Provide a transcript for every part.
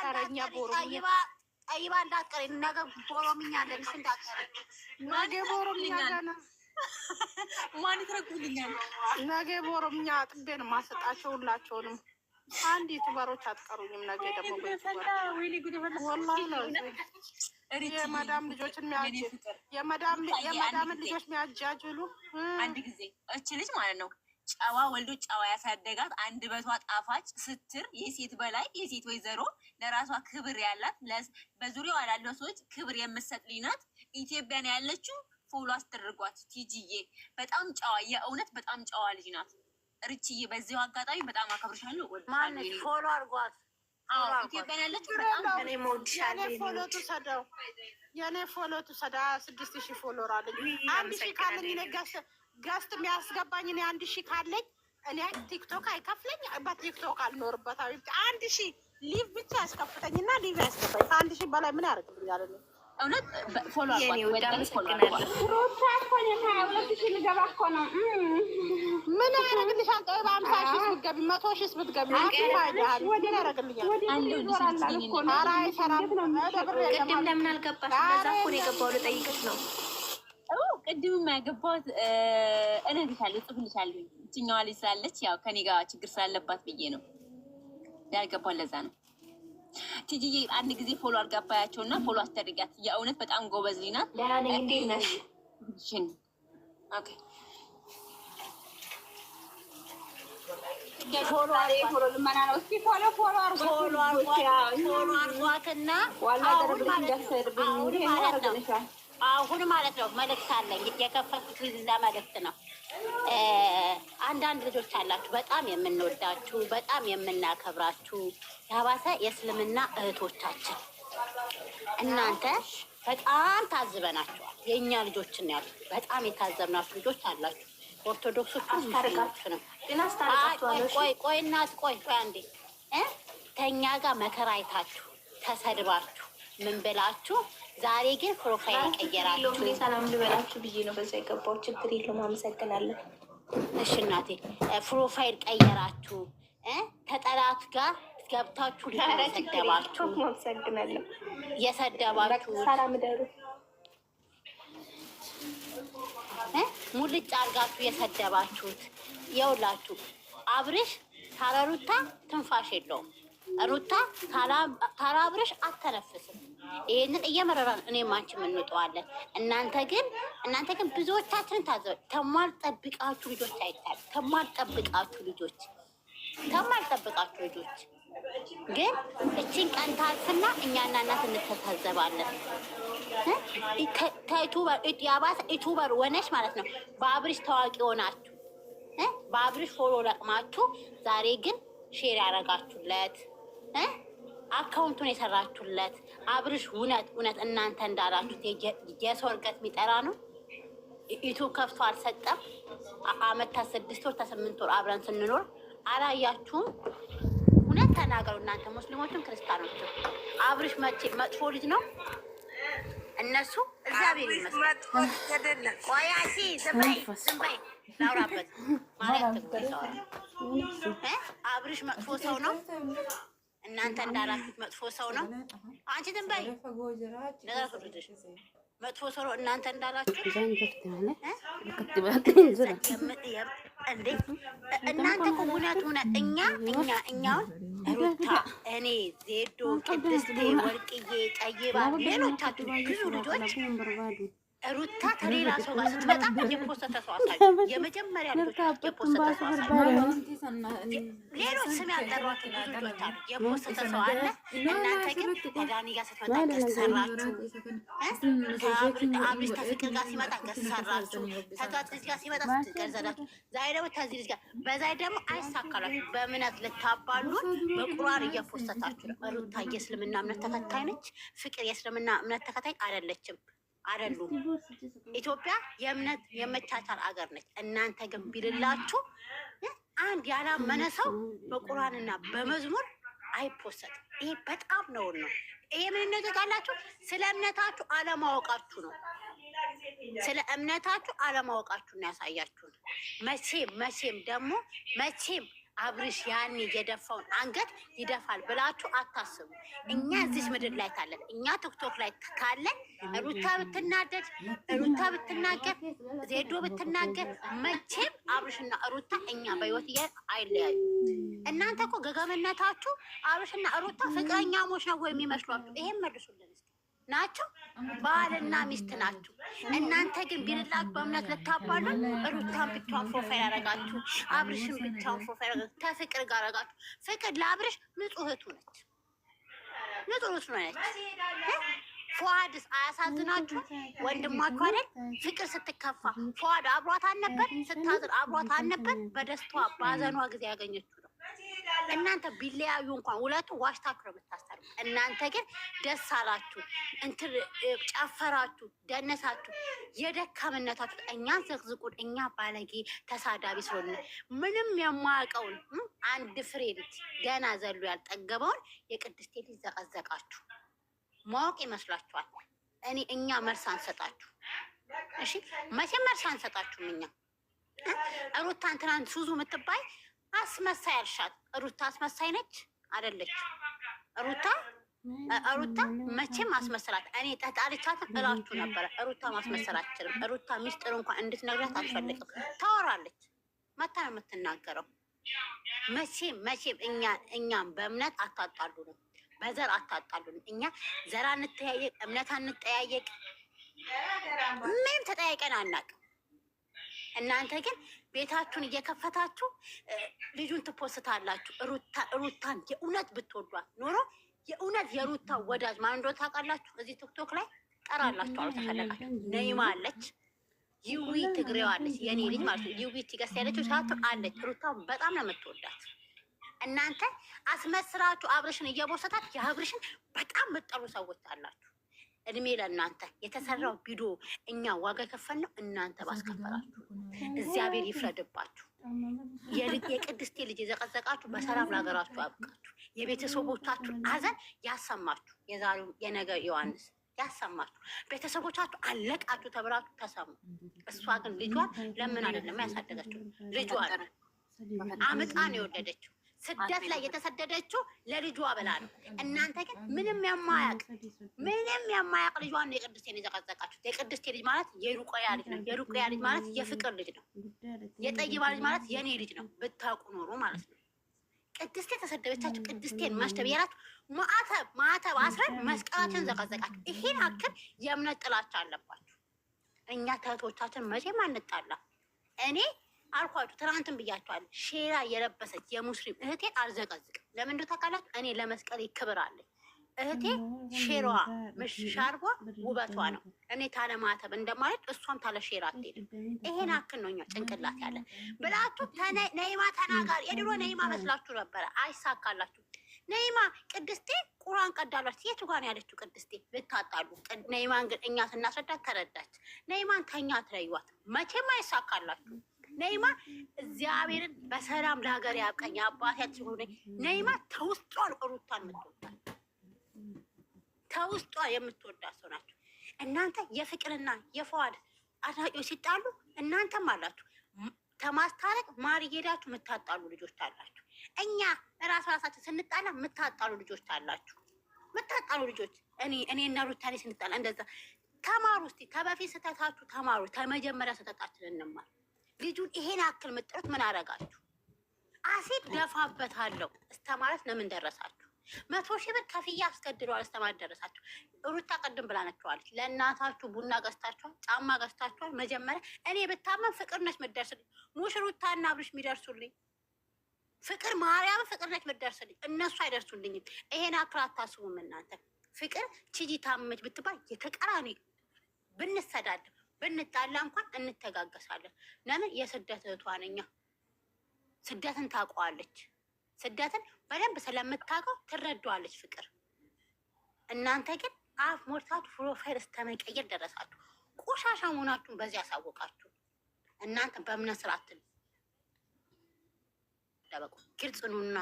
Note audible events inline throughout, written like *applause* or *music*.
ጠረኛ ቦሮምኛ ጠይባ እንዳትቀሪ፣ ነገ ቦሮምኛ አለን። እንዳትቀሪ ነገ ቦሮምኛ ገና ማን ይተረጉምልኛል? ነገ ቦሮምኛ አጥቤ ነው የማሰጣቸው ሁላቸውንም። አንድ ዩቱበሮች አትቀሩኝም። ነገ ደግሞ የመዳም ልጆችን የመዳምን ልጆች የሚያጃጅሉ አንድ ጊዜ እች ልጅ ማለት ነው ጨዋ ወልዶ ጨዋ ያሳደጋት አንድ በቷ ጣፋጭ ስትር የሴት በላይ የሴት ወይዘሮ ለራሷ ክብር ያላት በዙሪያዋ ላለው ሰዎች ክብር የምትሰጥ ናት። ኢትዮጵያን ያለችው ፎሎ አስደርጓት። ቲጂዬ በጣም ጨዋ የእውነት በጣም ጨዋ ልጅ ናት። ርችዬ በዚሁ አጋጣሚ በጣም አከብርሻለሁ። ማነች ፎሎ አድርጓት። ኢትዮጵያን ያለችው በጣም የኔ ፎሎ ትሰዳ ስድስት ሺህ ፎሎወር አለኝ አንድ ሺህ ካምን ይነጋሽ ገስት የሚያስገባኝ እኔ አንድ ሺህ ካለኝ እኔ ቲክቶክ አይከፍለኝ በቲክቶክ አልኖርበት አንድ ሺህ ሊቭ ብቻ ያስከፍተኝ እና ሊቭ ያስገባኝ ከአንድ ሺህ በላይ ምን ያደርግልኛል? ምን መቶ ቅድም የገባው ነው ቅድም ያገባት እነግርሻለሁ፣ እጽፍልሻለሁ። እችኛዋ ልጅ ስላለች ያው ከኔ ጋር ችግር ስላለባት ብዬ ነው ያልገባት። ለዛ ነው ቲጂዬ አንድ ጊዜ ፎሎ አልጋባያቸው እና ፎሎ አስደርጊያት። የእውነት በጣም ጎበዝ ናት። ፎሎ አርጓትና አሁን ማለት ነው አሁን ማለት ነው መልእክት አለኝ የከፈትኩት ላ መልእክት ነው። አንዳንድ ልጆች አላችሁ በጣም የምንወዳችሁ በጣም የምናከብራችሁ የባሰ የእስልምና እህቶቻችን እናንተ በጣም ታዝበናቸዋል። የእኛ ልጆች ልጆችን ያሉ በጣም የታዘብናችሁ ልጆች አላችሁ። ኦርቶዶክሶች አስታርቃችሁ ነው። ቆይ ቆይ እናት ቆይ ቆይ አንዴ ከእኛ ጋር መከራ አይታችሁ ተሰድባችሁ ምን ብላችሁ ዛሬ ግን ፕሮፋይል ቀየራችሁ። ሰላም ልበላችሁ ብዬ ነው በዛ የገባው። ችግር የለውም አመሰግናለሁ። እሺ እናቴ ፕሮፋይል ቀየራችሁ ተጠላት ጋር ገብታችሁ ሰደባችሁ አመሰግናለሁ። የሰደባችሁ ሰላም ደሩ ሙልጭ አርጋችሁ የሰደባችሁት የውላችሁ አብርሽ ታረሩታ ትንፋሽ የለውም ሩታ ታራብረሽ አተነፍስም። ይህንን እየመረራን እኔም አንቺም እንውጠዋለን። እናንተ ግን እናንተ ግን ብዙዎቻችንን ታዘ ተሟል ጠብቃችሁ ልጆች አይታል ተሟል ጠብቃችሁ ልጆች ተሟል ጠብቃችሁ ልጆች ግን እችን ቀን ታልፍና እኛና እናት እንተሳዘባለን። ያባሰ ዩቱበር ወነሽ ማለት ነው። በአብሪሽ ታዋቂ ሆናችሁ በአብሪሽ ፎሎ ለቅማችሁ ዛሬ ግን ሼር ያደረጋችሁለት አካውንቱን የሰራችሁለት አብርሽ እውነት እውነት እናንተ እንዳላችሁት የሰው እርገት የሚጠራ ነው። ኢቱ ከፍቶ አልሰጠም። አመት ስድስት ወር ተስምንት ወር አብረን ስንኖር አላያችሁም? እውነት ተናገሩ እናንተ ሙስሊሞችም ክርስቲያኖችም። አብርሽ መቼ መጥፎ ልጅ ነው? እነሱ እግዚአብሔር ማለት *laughs* አብርሽ መጥፎ ሰው ነው። እናንተ እንዳላችሁት መጥፎ ሰው ነው። አንቺ ትንበይ መጥፎ ሰው ነው። እናንተ እንዳላችሁ እናንተ እኮ እውነት እኛ እኛ እኛውን ሩታ፣ እኔ፣ ዜዶ፣ ቅድስቴ፣ ወርቅዬ፣ ጠይባ ሌሎቻችሁ ብዙ ልጆች ሩታ ከሌላ ሰው ጋር ስትመጣ የፖስተተ ሰው አሳዩ። የመጀመሪያ የፖስተተ ሰው ሌሎች ስም ሰው አለ። እናንተ ግን ከዳኒ ጋር ስትመጣ ገሰራችሁ፣ ከአብሪሽ ከፍቅር ጋር ሲመጣ ገሰራችሁ፣ ልጅ ጋር ሲመጣ ስትገዘዳችሁ፣ ዛሬ ደግሞ ከዚህ ልጅ ጋር በዛይ ደግሞ አይሳካላችሁ። በእምነት ልታባሉን በቁራር እየፖስተታችሁ ነው። ሩታ የእስልምና እምነት ተከታይ ነች። ፍቅር የእስልምና እምነት ተከታይ አይደለችም። አይደሉም። ኢትዮጵያ የእምነት የመቻቻል አገር ነች። እናንተ ግን ቢልላችሁ አንድ ያላመነ ሰው በቁርአንና በመዝሙር አይፖሰትም። ይሄ በጣም ነው ነው። ይሄ ምንነት ካላችሁ ስለ እምነታችሁ አለማወቃችሁ ነው። ስለ እምነታችሁ አለማወቃችሁ ነው ያሳያችሁ መቼም መቼም ደግሞ መቼም አብርሽ ያን የደፋውን አንገት ይደፋል ብላችሁ አታስቡ። እኛ እዚህ ምድር ላይ ካለን እኛ ቲክቶክ ላይ ካለን ሩታ ብትናደድ ሩታ ብትናገር ዜዶ ብትናገር መቼም አብርሽና ሩታ እኛ በህይወት እያ አይለያዩ። እናንተ እኮ ገገምነታችሁ አብርሽና ሩታ ፍቅረኛ ፍቅረኛሞች ነው የሚመስሏችሁ። ይሄን መልሱልን። ናቸው። ባልና ሚስት ናችሁ። እናንተ ግን ቢልላት በእምነት ልታባሉ ሩታን ብቻዋን ፎፋ ያረጋችሁ፣ አብርሽን ብቻውን ፎፋ ያረጋችሁ፣ ከፍቅር ጋር ያረጋችሁ። ፍቅር ለአብርሽ ንጹህቱ ነች፣ ንጹህቱ እህቱ ነች። ፏድስ አያሳዝናችሁ? ወንድማችሁ አይደል? ፍቅር ስትከፋ ፏድ አብሯት አልነበር? ስታዝር አብሯት አልነበር? በደስቷ ባዘኗ ጊዜ ያገኘችው እናንተ ቢለያዩ እንኳን ሁለቱ ዋሽታችሁ ነው የምታሰርሙ። እናንተ ግን ደስ አላችሁ፣ እንትን ጨፈራችሁ፣ ደነሳችሁ። የደካምነታችሁ እኛ ዘቅዝቁን። እኛ ባለጌ ተሳዳቢ ስለሆነ ምንም የማያውቀውን አንድ ፍሬንድ ገና ዘሎ ያልጠገበውን የቅድስት ልጅ ዘቀዘቃችሁ። ማወቅ ይመስላችኋል። እኔ እኛ መልስ አንሰጣችሁ። እሺ መቼ መልስ አንሰጣችሁም። እኛ ሩታን ትናንት ሱዙ የምትባይ አስመሳይ አልሻት። ሩታ አስመሳይ ነች አደለች? ሩታ ሩታ መቼም አስመሰላት። እኔ ተጣልቻት እላችሁ ነበረ። ሩታ ማስመሰል አትችልም። ሩታ ሚስጥር እንኳን እንድትነግራት አልፈልግም። ታወራለች፣ መታ ነው የምትናገረው። መቼም መቼም እኛ እኛም በእምነት ነው በዘር አታጣሉን እኛ ዘር አንተያየቅ፣ እምነት አንጠያየቅ፣ ምንም ተጠያይቀን አናውቅም። እናንተ ግን ቤታችሁን እየከፈታችሁ ልጁን ትፖስታላችሁ። ሩታን የእውነት ብትወዷት ኖሮ የእውነት የሩታ ወዳጅ ማን እንደሆነ ታውቃላችሁ። እዚህ ቲክቶክ ላይ ጠራላችሁ አሉ ተፈለጋችሁ ነይማ አለች፣ ዩዊ ትግሬው አለች፣ የኔ ልጅ ማለት ነው። ዩዊ ትገስ ያለችው ሳቱ አለች። ሩታ በጣም ነው የምትወዳት። እናንተ አስመስራችሁ አብርሽን እየቦሰታት የአብርሽን በጣም የምትጠሉ ሰዎች አላችሁ። እድሜ ለእናንተ የተሰራው ቪዲዮ እኛ ዋጋ የከፈልነው ነው። እናንተ ባስከፈላችሁ እግዚአብሔር ይፍረድባችሁ። የቅድስቴ ልጅ የዘቀዘቃችሁ በሰላም ለሀገራችሁ ያብቃችሁ። የቤተሰቦቻችሁን አዘን ያሰማችሁ። የዛሬው የነገ ዮሐንስ ያሰማችሁ። ቤተሰቦቻችሁ አለቃችሁ ተብላችሁ ተሰሙ። እሷ ግን ልጇን ለምን አይደለም ያሳደገችው ልጇን አምጣ ነው የወለደችው። ስደት ላይ የተሰደደችው ለልጇ ብላ ነው። እናንተ ግን ምንም የማያውቅ ምንም የማያውቅ ልጇን ነው የቅድስቴን የዘቀዘቃችሁት። የቅድስቴ ልጅ ማለት የሩቆያ ልጅ ነው። የሩቆያ ልጅ ማለት የፍቅር ልጅ ነው። የጠይባ ልጅ ማለት የእኔ ልጅ ነው። ብታውቁ ኖሮ ማለት ነው። ቅድስቴ ተሰደበቻችሁ። ቅድስቴን ማሽተብ ያላችሁ ማዕተብ ማዕተብ አስረን መስቀላችን ዘቀዘቃችሁ። ይሄን አክል የእምነት ጥላቻ አለባችሁ። እኛ ተህቶቻችን መቼም አንጣላ እኔ አልኳችሁ ትናንትን ብያቸዋለሁ። ሼራ የለበሰች የሙስሊም እህቴ አልዘቀዝቅም። ለምንድ እንደው ታውቃላችሁ? እኔ ለመስቀል ይክብር አለኝ። እህቴ ሼሯ ሻርቧ ውበቷ ነው። እኔ ታለማተብ እንደማለት እሷም ታለ ሼራ አትሄድም። ይሄን አክል ነው እኛ ጭንቅላት ያለ ብላችሁ ነይማ ተናጋሪ። የድሮ ነይማ መስላችሁ ነበረ፣ አይሳካላችሁ። ነይማ ቅድስቴ ቁራን ቀዳሏች። የት ጋር ነው ያለችው? ቅድስቴ ልታጣሉ። ነይማን ግን እኛ ስናስረዳት ተረዳች። ነይማን ተኛ ትለዩዋት፣ መቼም አይሳካላችሁ። ነይማ እግዚአብሔርን በሰላም ለሀገር ያብቃኝ። አባት ያትሆ ነይማ ተውስጧን ሩታን የምትወዳል ተውስጧ የምትወዳ ሰው ናቸው። እናንተ የፍቅርና የፈዋድ አድናቂዎች ሲጣሉ እናንተም አላችሁ ከማስታረቅ ማር እየሄዳችሁ የምታጣሉ ልጆች አላችሁ። እኛ ራስ ራሳችን ስንጣላ የምታጣሉ ልጆች አላችሁ። የምታጣሉ ልጆች እኔ እኔ እና ሩታኔ ስንጣላ እንደዛ ተማሩ። እስኪ ከበፊት ስህተታችሁ ተማሩ። ከመጀመሪያ ስህተታችን እንማር። ልጁን ይሄን አክል ምጥረት ምን አረጋችሁ? አሲድ ደፋበታለሁ እስተማረት ለምን ደረሳችሁ? መቶ ሺህ ብር ከፍያ አስገድለዋል እስተማለት ደረሳችሁ። ሩታ ቅድም ብላነችዋለች። ለእናታችሁ ቡና ገዝታችኋል፣ ጫማ ገዝታችኋል። መጀመሪያ እኔ ብታመን ፍቅር ነች ምደርስልኝ። ሙሽ ሩታና አብርሽ የሚደርሱልኝ ፍቅር ማርያም ፍቅር ነች ምደርስልኝ። እነሱ አይደርሱልኝም። ይሄን አክል አታስቡም እናንተ። ፍቅር ችጂ ታመች ብትባል የተቀራኒ ብንሰዳድም ብንጣላ እንኳን እንተጋገሳለን። ለምን የስደት እህቷ ነኛ። ስደትን ታውቀዋለች። ስደትን በደንብ ስለምታውቀው ትረዷዋለች ፍቅር። እናንተ ግን አፍ ሞልታችሁ ፕሮፋይል እስከመቀየር ደረሳችሁ። ቆሻሻ መሆናችሁን በዚህ ያሳወቃችሁ እናንተ በእምነት ስርዓት ደበቁ ግልጽኑና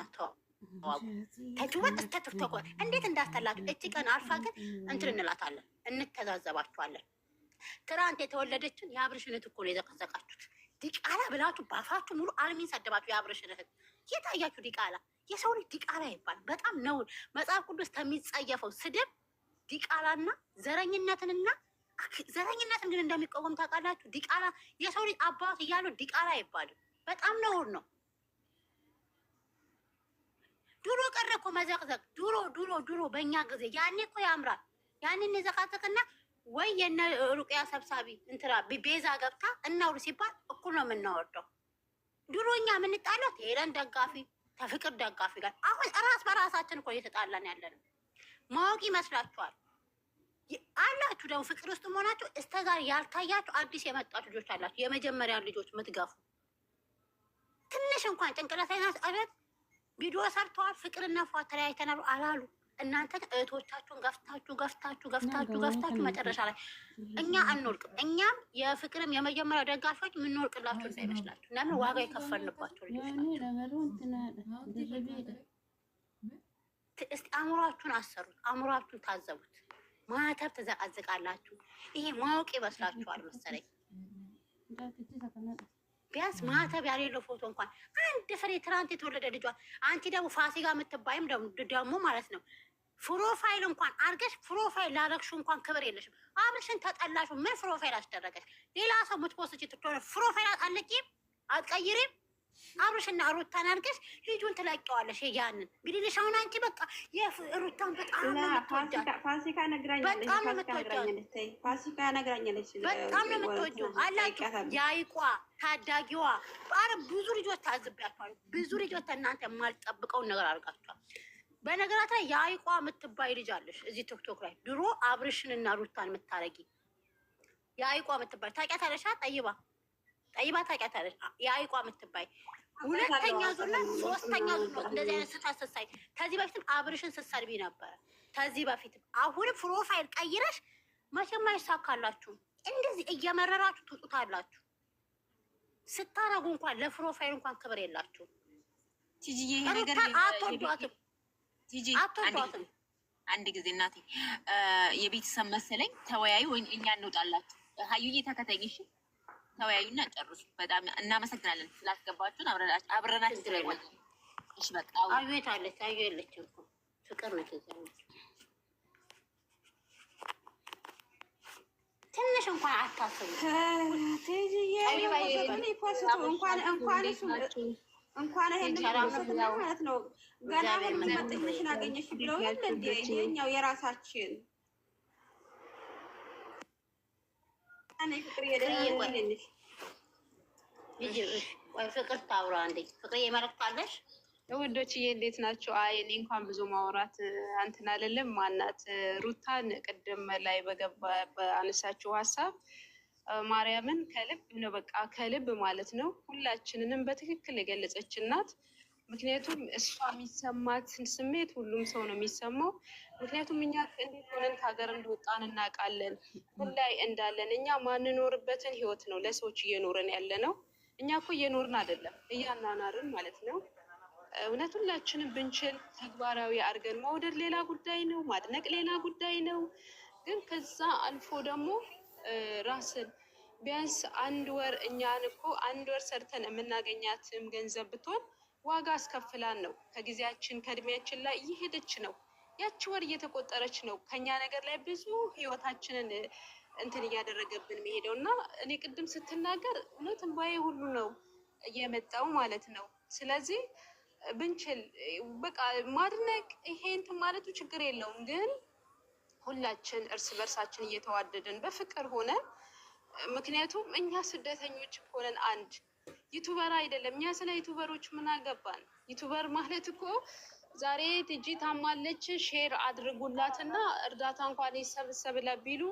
ተጭወጥ እስከ ትፍተቆ እንዴት እንዳስተላችሁ እጅ ቀን አልፋ ግን እንትን እንላታለን፣ እንተዛዘባችኋለን። ትናንት የተወለደችን የአብርሽን እህት እኮ ነው የዘቀዘቃችሁት። ዲቃላ ብላችሁ ባፋችሁ ሙሉ አልሚን ሰደባችሁ። የአብርሽን እህት የታያችሁ ዲቃላ። የሰው ልጅ ዲቃላ ይባል በጣም ነውር። መጽሐፍ ቅዱስ ከሚጸየፈው ስድብ ዲቃላና ዘረኝነትንና ዘረኝነትን ግን እንደሚቃወም ታውቃላችሁ። ዲቃላ የሰው ልጅ አባት እያሉ ዲቃላ አይባልም። በጣም ነውር ነው። ድሮ ቀረ እኮ መዘቅዘቅ። ድሮ ድሮ ድሮ በእኛ ጊዜ ያኔ እኮ ያምራል። ያኔ የዘቃዘቅና ወይ የነ ሩቅያ ሰብሳቢ እንትራ ቤዛ ገብታ እናውር ሲባል እኩል ነው የምናወርደው። ድሮኛ የምንጣለው ሄለን ደጋፊ ከፍቅር ደጋፊ ጋር አሁን ራስ በራሳችን እኮ እየተጣላን ያለን። ማወቅ ይመስላችኋል? አላችሁ ደግሞ ፍቅር ውስጥ መሆናችሁ እስከ ያልታያችሁ አዲስ የመጣችሁ ልጆች አላችሁ። የመጀመሪያ ልጆች ምትገፉ ትንሽ እንኳን ጭንቅላት አይነት ቪዲዮ ሰርተዋል። ፍቅርና ፏ ተለያይተናሉ አላሉ እናንተ እህቶቻችሁን ገፍታችሁ ገፍታችሁ ገፍታችሁ ገፍታችሁ መጨረሻ ላይ እኛ አንወርቅም። እኛም የፍቅርም የመጀመሪያ ደጋፊዎች የምንወርቅላችሁ እንዳይመስላችሁ። ለምን ዋጋ የከፈልንባቸው ልጆች ናቸው። አእምሯችሁን አሰሩት፣ አእምሯችሁን ታዘቡት። ማተብ ትዘቃዝቃላችሁ። ይሄ ማወቅ ይመስላችኋል መሰለኝ። ቢያንስ ማተብ ያሌለው ፎቶ እንኳን አንድ ፍሬ ትናንት የተወለደ ልጇ አንቺ ደግሞ ፋሲካ የምትባይም ደግሞ ማለት ነው ፕሮፋይል እንኳን አርገሽ ፕሮፋይል ላረግሹ እንኳን ክብር የለሽም። አብርሽን ተጠላሹ። ምን ፕሮፋይል አስደረገሽ? ሌላ ሰው ምትፖስች ትሆነ ፕሮፋይል አጣልቂም አትቀይሪም። አብርሽና ሩታን አርገሽ ልጁን ትለቂዋለሽ። ያንን እንግዲህ ልሻውን አንቺ በቃ የሩታን በጣም ነው የምትወጃት፣ ፋሲካ ነግራኛለች። በጣም ነው የምትወጂው አላችሁ። ያይቋ ታዳጊዋ፣ አረ ብዙ ልጆች ታዝቢያችኋል። ብዙ ልጆች እናንተ የማልጠብቀውን ነገር አድርጋችኋል። በነገራት ላይ የአይቋ የምትባይ ልጅ አለሽ እዚህ ቲክቶክ ላይ ድሮ አብርሽንና ሩታን የምታረጊ የአይቋ የምትባይ ታውቂያታለሽ። ጠይባ ጠይባ ታውቂያታለሽ። የአይቋ የምትባይ ሁለተኛ ዙና ሶስተኛ ዙ ነው እንደዚህ አይነት ስታት ስትሳይ። ከዚህ በፊትም አብርሽን ስትሰርቢ ነበረ። ከዚህ በፊትም አሁንም ፕሮፋይል ቀይረሽ መቼም አይሳካላችሁም። እንደዚህ እየመረራችሁ ትጡታላችሁ። ስታረጉ እንኳን ለፕሮፋይል እንኳን ክብር የላችሁም። አትወዷትም አንድ ጊዜ እናቴ የቤተሰብ መሰለኝ ተወያዩ፣ ወይም እኛ እንውጣላችሁ። ሀዩዬ ተከተኝ እሺ። ተወያዩና ጨርሱ። በጣም እናመሰግናለን ስላስገባችሁን። አብረናችሁ ትለኛል። እሺ በቃ አዩ አለች? አዩ የለችም እኮ ፍቅር ነው ትንሽ እንኳን አታስቡ እንኳን እንኳን እንኳን ይሄን ማለት ነው። ገና ምን መጠኝሽን አገኘሽ ብለው የለ እንዴ? የራሳችን እኔ ፍቅር የደለሽ ፍቅር ታውራ አንዴ ፍቅር እንዴት ናቸው? አይ እኔ እንኳን ብዙ ማውራት እንትን አይደለም። ማናት ሩታን ቅድም ላይ በገባ በአነሳችሁ ሀሳብ ማርያምን ከልብ ነው በቃ ከልብ ማለት ነው ሁላችንንም በትክክል የገለጸች እናት። ምክንያቱም እሷ የሚሰማትን ስሜት ሁሉም ሰው ነው የሚሰማው። ምክንያቱም እኛ እንዴት ሆነን ከሀገር እንደወጣን እናውቃለን፣ ምን ላይ እንዳለን። እኛ ማንኖርበትን ህይወት ነው ለሰዎች እየኖረን ያለ ነው። እኛ እኮ እየኖርን አይደለም እያናናርን ማለት ነው። እውነት ሁላችንም ብንችል ተግባራዊ አድርገን መውደድ ሌላ ጉዳይ ነው፣ ማድነቅ ሌላ ጉዳይ ነው። ግን ከዛ አልፎ ደግሞ ራስን ቢያንስ አንድ ወር እኛን እኮ አንድ ወር ሰርተን የምናገኛትም ገንዘብ ብትሆን ዋጋ አስከፍላን ነው። ከጊዜያችን ከእድሜያችን ላይ እየሄደች ነው። ያቺ ወር እየተቆጠረች ነው። ከኛ ነገር ላይ ብዙ ህይወታችንን እንትን እያደረገብን መሄደው እና እኔ ቅድም ስትናገር እውነት እንባዬ ሁሉ ነው እየመጣው ማለት ነው። ስለዚህ ብንችል በቃ ማድነቅ ይሄ እንትን ማለቱ ችግር የለውም ግን ሁላችን እርስ በርሳችን እየተዋደድን በፍቅር ሆነን ምክንያቱም እኛ ስደተኞች ሆነን አንድ ዩቱበር አይደለም። እኛ ስለ ዩቱበሮች ምን አገባን? ዩቱበር ማለት እኮ ዛሬ ትጂ ታማለች ሼር አድርጉላትና እርዳታ እንኳን ይሰብሰብላ ቢሉ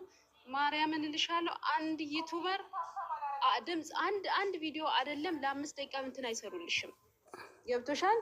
ማርያምን እልሻለሁ አንድ ዩቱበር ድምፅ አንድ አንድ ቪዲዮ አይደለም ለአምስት ደቂቃ እንትን አይሰሩልሽም። ገብቶሻል?